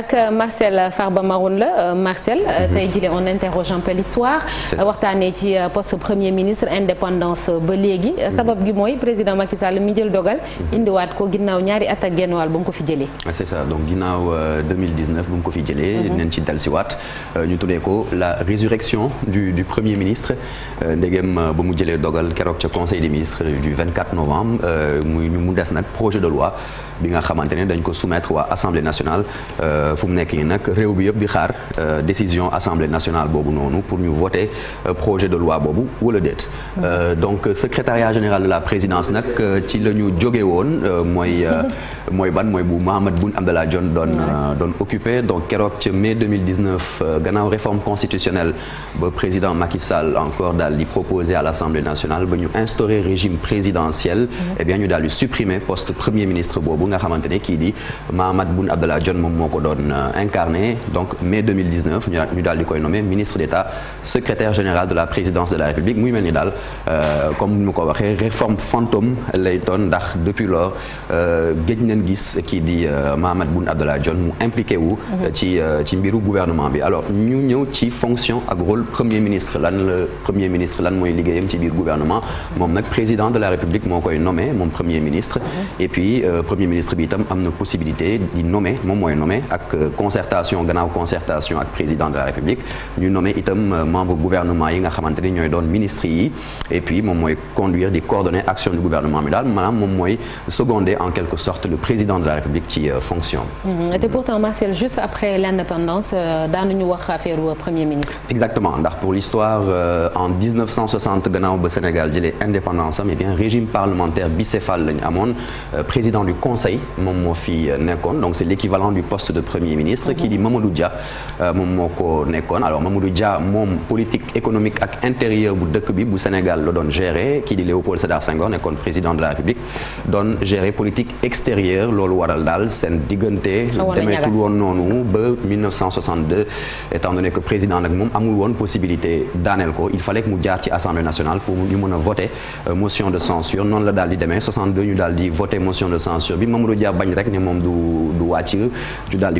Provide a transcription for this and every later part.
ak euh, Marcel Farba Maroun la euh, Marcel. Euh, mhm. tey jii on interroge un peu l'histoire waxtaanee ci poste premier ministre indépendance ba léegi. sabab mhm. gi mooy président Macky Sall mi jël dogal. Mhm. indiwaat ko ginnaaw ñaari at ak genn wàll ba mu ko fi jëlee. Ah, c'est ça donc ginnaaw 2019 ba mu ko fi jëlee. dinañ ci dalsiwaat ñu tuddee ko la résurrection du du premier ministre ndegem ba mu jëlee dogal keroog ca conseil des ministres du 24 novembre mu des nag projet de loi bi nga xamante ne dañ ko soumettre waa assemblée nationale. fu mu nekk nii nag réew bi yëpp di xaar euh, décision assemblée nationale boobu noonu pour ñu voter euh, projet de loi boobu wala déet. Euh, donc secrétariat général de la présidence nag ci la ñu jóge woon mooy mooy ban mooy bu Mahammed Boun Abdallah Dionne doon doon occupé donc keroog ca mai 2019 gannaaw réforme constitutionnelle ba président Macky Sall encore daal di proposé à l'Assemblée nationale ba ñu instaurer régime présidentiel. eh bien ñu daal di supprimer poste premier ministre boobu nga xamante ne kii di Mahammed Boun Abdallah doon euh, incarné mai 2019 ñu daal di koy nommé ministre d'État secrétaire général de la présidence de la République muy mel euh, comme nu ko waxee réforme fantôme lay doon ndax depuis lors euh, géej nañ gis kii di Mahammed Boun Abdallah Dionne mu impliqué wu mhm. ci ci mbiru gouvernement bi alors ñu ñëw ci fonction ak rôle premier ministre la premier ministre lan président de la République moo koy nommé moom premier ministre mhm. et puis premier ministre bi itam am na possibilité di nommé moom mooy nommé ak ak euh, concertation gannaaw concertation ak président de la république ñu nommé itam euh, membre gouvernement yi nga xamante ni ñooy et puis moom mooy conduire di coordonner action du gouvernement bi daal maanaam moom mooy en quelque sorte le président de la république ci euh, fonction mm-hmm. te pour l'histoire en 1960 gannaaw Sénégal jëlee indépendance am et eh régime parlementaire bicéphale la président du conseil moom moo fi donc c'est l'équivalent du premier ministre kii di Mamadou Dia euh, moom moo ko nekkoon alors Mamadou Dia moom politique économique ak intérieur bu dëkk bi bu Sénégal la doon gérer kii di Léopold Sédar Senghor nekkoon président de la République doon gérer politique extérieure loolu waral daal seen diggante demeetul woon noonu ba 1962 étant donné que président nag moom amul woon possibilité daaneel ko il fallait que mu jaar ci assemblée nationale pour ñu mën a voter euh, motion de censure noonu la daal di demee 62 ñu daal di voter motion de censure bi moom du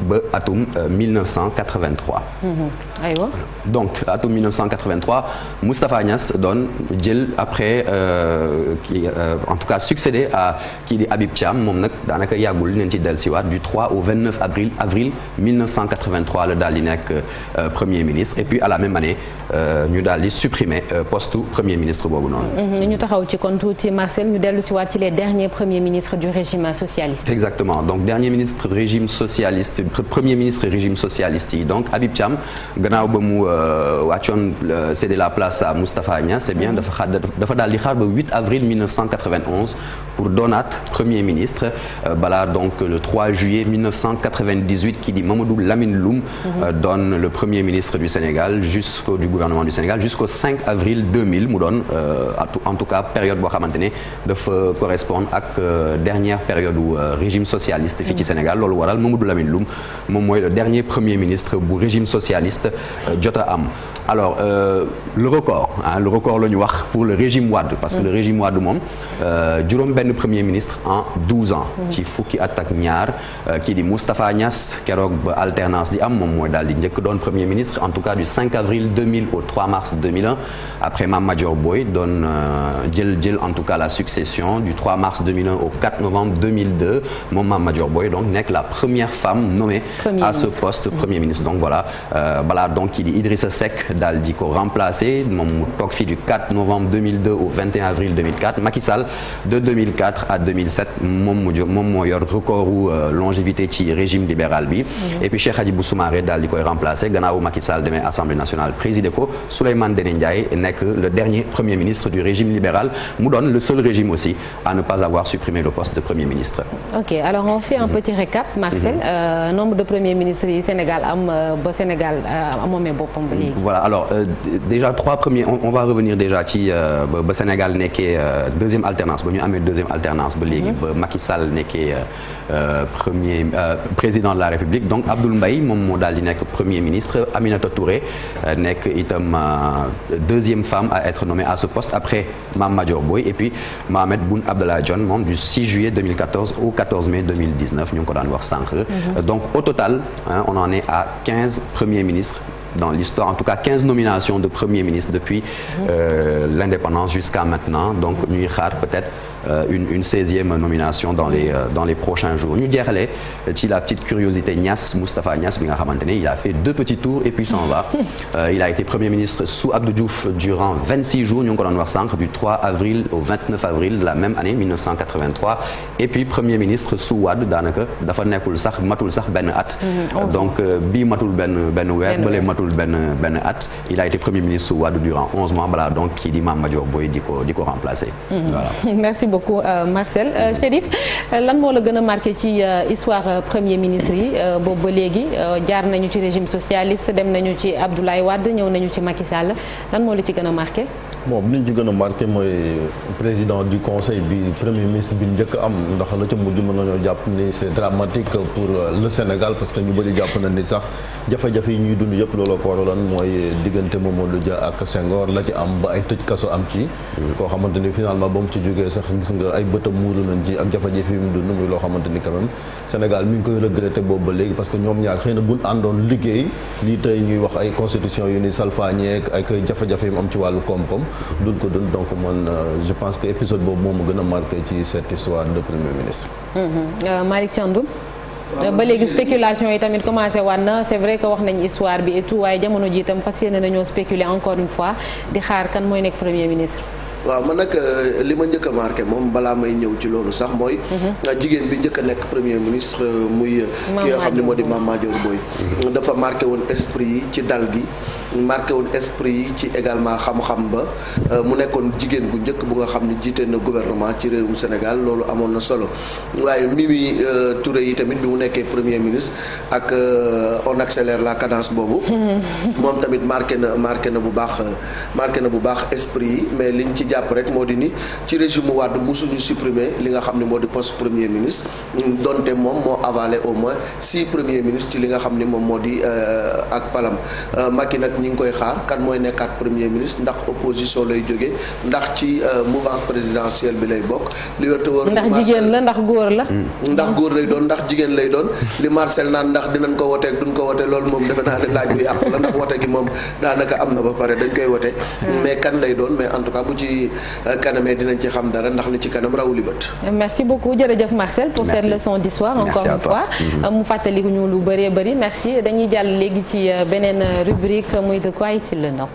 ba atum 1983. Euh, mm-hmm. aywa donc atum 1983 Moustapha Niass doon jël après euh, kii euh, en tout cas succédé à kii di Habib Thiam moom nag daanaka yàggul leen ci dellusiwaat du 3 au 29 avril avril 1983 la daal di nekk premier ministre la même année di supprimer poste premier ministre premier ministre régime socialiste yi donc Habib ba mu euh, wàccoon euh, cédé la place à Moustapha Niasse c'est dafa xaar dafa daal di xaar ba 8 avril 1991 pour doonaat premier ministre euh, balaa donc le 3 juillet 1998 kii di Mamadou Lamine Loum mhm. donne le premier du Sénégal jusqu'au du gouvernement du Sénégal jusqu'au 5 avril 2000 mu doon en tout cas période boo xamante ne dafa correspondre ak dernière période du régime socialiste fii ci mhm. Sénégal loolu waral Mamadou Lamine Loum moom mooy le dernier premier ministre bu régime socialiste euh, jot a am alors euh, le record hein, le record la ñu wax pour le régime Wade parce que le régime Wade moom euh, juróom benn premier ministre en ans mm. ci fukki at ak ñaar euh, kii di Moustapha Niass keroog ba alternance di am moom mooy daal di njëkk doon premier ministre en tout cas du 5 avril 2000 au 3 mars 2001 après Mame Madior Boye doon euh, jël jël en tout cas la succession du 3 mars 2001 au 4 novembre 2002 moom Mame Madior Boye donc nekk la première femme nommée premier à ce poste premier mm. ministre donc voilà donc kii di Idrissa Seck daal di ko remplacer moom mu toog fii du 4 novembre au avril 2004 de à 2007 moom mu euh, longévité ci régime libéral bi. Mhm. et puis Cheikh Hadjibou Soumaré daal di koy remplacer gannaaw Macky Sall nationale présidé ko Souleymane Ndéné Ndiaye le dernier premier ministre du régime libéral mu le seul régime aussi à ne pas avoir supprimé le poste de premier ministre. on fait un mhm. petit récap Marcel mhm. euh, nombre de premiers ministres Sénégal am euh, ba alors euh, déjà trois premiers on va revenir déjà ci euh, ba Sénégal nekkee euh, deuxième alternance ba ñu amee deuxième alternance ba léegi mhm. la République donc Abdoul Mbaye moom moo daal di nekk premier ministre Aminata Touré nekk itam deuxième femme à être nommée à ce poste après Mame Madior Boye et puis Mohamed Boun Abdallah Dionne moom du 6 juillet dans l'histoire, en tout cas 15 nominations de Premier ministre depuis euh, l'indépendance jusqu'à maintenant donc ñuy xaar peut-être Euh, une une seizième nomination dans les euh, dans les prochains jours ñu jeexale ci nga xamante ne il a fait deux petits tours et puis s'en va euh, il a été premier ministre sous Abdou Diouf doon wax sànq du 3 avril au 29 avril de la même année 1983 et puis daanaka dafa nekkul sax matul sax benn at mm-hmm, donc bii matul benn benn weer balee matul benn benn at il a été premier ministre sous Wade durant kii di Mame Madior Boye ko di ko beaucoup euh, Marcel euh, Chérif euh, lan moo la gën a marqué ci histoire premier ministre yi boobu ba léegi jaar nañu ci régime socialiste dem nañu ci Abdoulaye Wade ñëw nañu ci Macky Sall lan moo la ci gën a marqué bon li ñu ci gën a marqué mooy président du conseil bi premier ministre bi njëkk am ndax la ca mujj mën nañoo jàpp ni c'est dramatique pour le Sénégal parce que ñu bëri jàpp na ni sax jafe-jafe yi ñuy dund yëpp looloo ko waraloon mooy diggante Mamadou Dia ak Senghor la ci am ba ay tëj kaso am ci. koo xamante ni finalement ba mu ci jógee sax gis nga ay bëtam muuru nañ ci ak jafe-jafe yi mu dund muy loo xamante ni quand même Sénégal mi ngi koy regretté boobu ba léegi que ñoom xëy na buñ àndoon liggéey lii tey ñuy wax ay constitution yu ni salfaañeek ak ay jafe-jafe yi mu ci wàllu koom duñ ko dund donc man euh, je pense que épisode boobu moom mu gën a marqué ci cette histoire de premier ministre. Mm-hmm. Euh, Malick Thiandoum. Euh, ba léegi spéculation yi tamit waat na c'est vrai que wax nañ histoire bi et waaye jamono ji itam fas yéene nañoo spéculer encore une fois di xaar kan mooy nekk premier ministre. waaw man nag euh, li ma njëkk a moom balaa may ñëw ci loolu sax mooy. Mhm. Euh, jigéen bi njëkk nekk premier ministre euh, muy. ki nga xam ne moo di Mame Madior Boye. Mhm. dafa marqué woon esprit yi ci dal gi. marqué woon esprit yi ci également xam ba mu nekkoon jigéen bu njëkk bu nga xam ne jiite na gouvernement ci réewum Sénégal loolu amoon na solo waaye Mimi Touré yi tamit bi mu nekkee premier ministre ak on accélère la cadence boobu. Mhm. moom tamit marqué na marqué na bu baax marqué na bu baax esprit yi mais liñ ci jàpp rek moo di ni ci régime Wade mosuñu supprimer li nga xam ne moo di poste premier ministre donte moom moo avalé au moins si premier ministres ci li nga xam ni moom moo di euh, ak palam euh, Macky nag ñi ngi koy xaar kan mooy nekkaat premier ministre ndax opposition lay jógee ndax ci euh, mouvance présidentielle bi lay bokk li wérta wër ndax jigéen la ndax góor la hmm. ndax góor lay doon ndax jigéen lay doon hmm. li Marcel naan ndax dinañ ko woteeg duñ ko wote loolu moom defe naa ne laaj bu yàqu la ndax wote daanaka am na ba pare dañ koy wote hmm. ci euh, kanamee dinañ ci xam dara ndax li ci kanam rawuli bët. merci beaucoup jërëjëf Marcel pour cette leçon d'histoire encore une fois mm-hmm. euh, mu fàttaliku ñu lu bëree bëri merci dañuy jàll léegi ci euh, beneen rubrique muy de quoi est-il le nom